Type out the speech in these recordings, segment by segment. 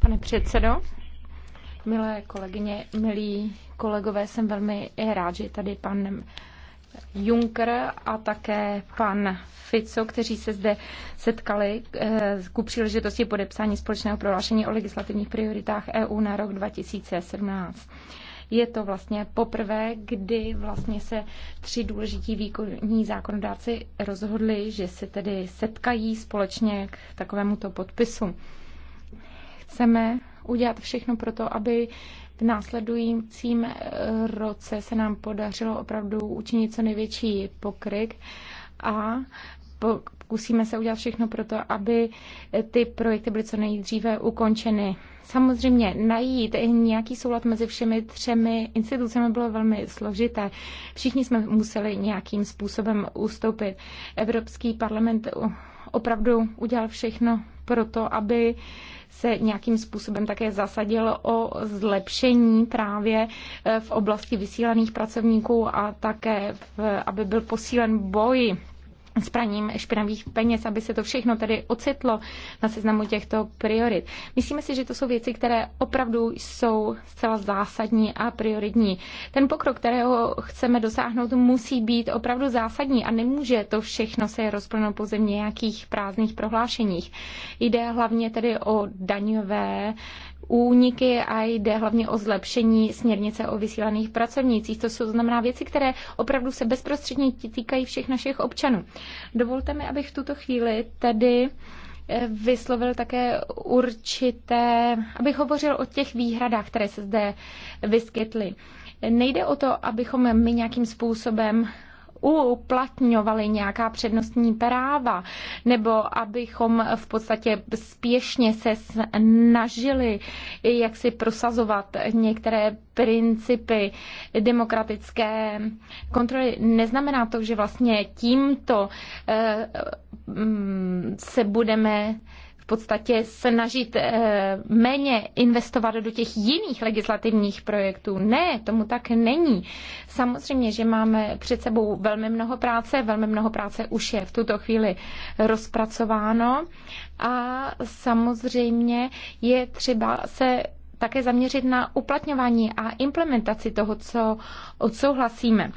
Pane předsedo, milé kolegyně, milí kolegové, jsem velmi rád, že je tady pan Juncker a také pan Fico, kteří se zde setkali eh, ku příležitosti podepsání společného prohlášení o legislativních prioritách EU na rok seventeen je to vlastně poprvé, kdy vlastně se tři důležití výkonní zákonodáci rozhodli, že se tedy setkají společně k takovémuto podpisu. Chceme udělat všechno pro to, aby v následujícím eh, roce se nám podařilo opravdu učinit co největší pokryk a pokusíme se udělat všechno pro to, aby ty projekty byly co nejdříve ukončeny. Samozřejmě najít nějaký soulad mezi všemi třemi institucemi bylo velmi složité. Všichni jsme museli nějakým způsobem ustoupit. Evropský parlament opravdu udělal všechno pro to, aby se nějakým způsobem také zasadilo o zlepšení právě e, v oblasti vysílaných pracovníků a také, v, aby byl posílen boj s praním špinavých peněz, aby se to všechno tedy ocitlo na seznamu těchto priorit. Myslíme si, že to jsou věci, které opravdu jsou zcela zásadní a prioritní. Ten pokrok, kterého chceme dosáhnout, musí být opravdu zásadní a nemůže to všechno se rozplnout pouze v nějakých prázdných prohlášeních. Jde hlavně tedy o daňové úniky a jde hlavně o zlepšení směrnice o vysílaných pracovnících. To jsou znamená věci, které opravdu se bezprostředně týkají všech našich občanů. Dovolte mi, abych v tuto chvíli tedy eh, vyslovil také určité, abych hovořil o těch výhradách, které se zde vyskytly. Nejde o to, abychom my nějakým způsobem uplatňovali nějaká přednostní práva, nebo abychom v podstatě spěšně se snažili jak si prosazovat některé principy demokratické kontroly. Neznamená to, že vlastně tímto eh, mm, se budeme v podstatě snažit eh, méně investovat do těch jiných legislativních projektů. Ne, tomu tak není. Samozřejmě, že máme před sebou velmi mnoho práce, velmi mnoho práce už je v tuto chvíli rozpracováno a samozřejmě je třeba se také zaměřit na uplatňování a implementaci toho, co odsouhlasíme.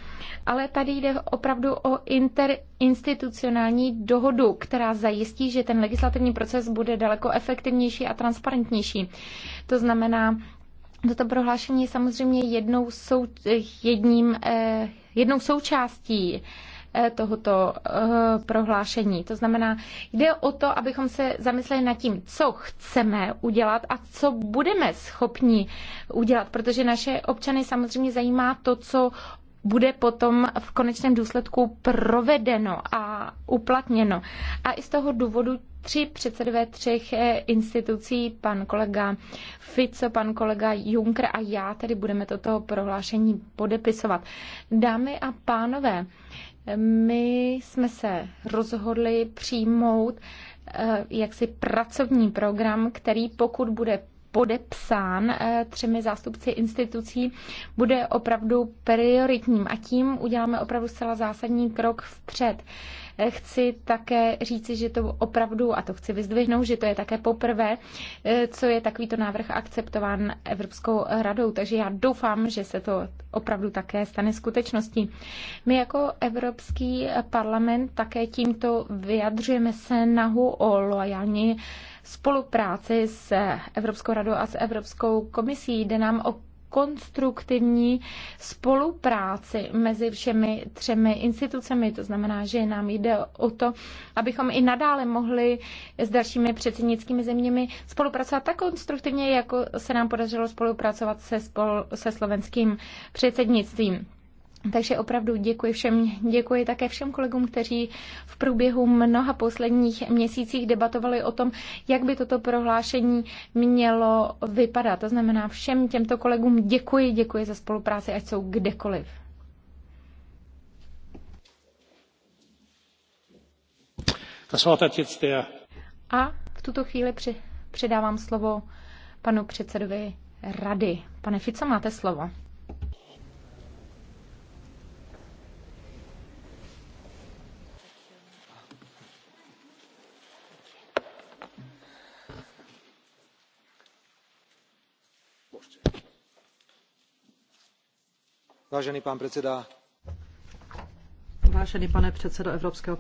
Ale tady jde opravdu o interinstitucionální dohodu, která zajistí, že ten legislativní proces bude daleko efektivnější a transparentnější. To znamená, Toto prohlášení je samozřejmě jednou sou, jedním, eh, jednou součástí Eh, tohoto eh, prohlášení. To znamená, jde o to, abychom se zamysleli nad tím, co chceme udělat a co budeme schopni udělat, protože naše občany samozřejmě zajímá to, co bude potom v konečném důsledku provedeno a uplatněno. A i z toho důvodu tři předsedové třech eh, institucí, pan kolega Fico, pan kolega Juncker a já tedy budeme toto prohlášení podepisovat. Dámy a pánové, my jsme se rozhodli přijmout eh, jaksi pracovní program, který pokud bude podepsán eh, třemi zástupci institucí, bude opravdu prioritním a tím uděláme opravdu zcela zásadní krok vpřed. Chci také říci, že to opravdu, a to chci vyzdvihnout, že to je také poprvé, eh, co je takovýto návrh akceptován Evropskou radou. Takže já doufám, že se to opravdu také stane skutečností. My jako Evropský parlament také tímto vyjadřujeme snahu o loajální spolupráci s Evropskou radou a s Evropskou komisí. Jde nám o konstruktivní spolupráci mezi všemi třemi institucemi. To znamená, že nám jde o to, abychom i nadále mohli s dalšími předsednickými zeměmi spolupracovat tak konstruktivně, jako se nám podařilo spolupracovat se, spol- se slovenským předsednictvím. Takže opravdu děkuji všem, děkuji také všem kolegům, kteří v průběhu mnoha posledních měsících debatovali o tom, jak by toto prohlášení mělo vypadat. To znamená všem těmto kolegům děkuji, děkuji za spolupráci, ať jsou kdekoliv. A v tuto chvíli při, předávám slovo panu předsedovi rady. Pane Fico, máte slovo. vážený pane předsedo evropského parlamentu vážená paní vysoká představitelko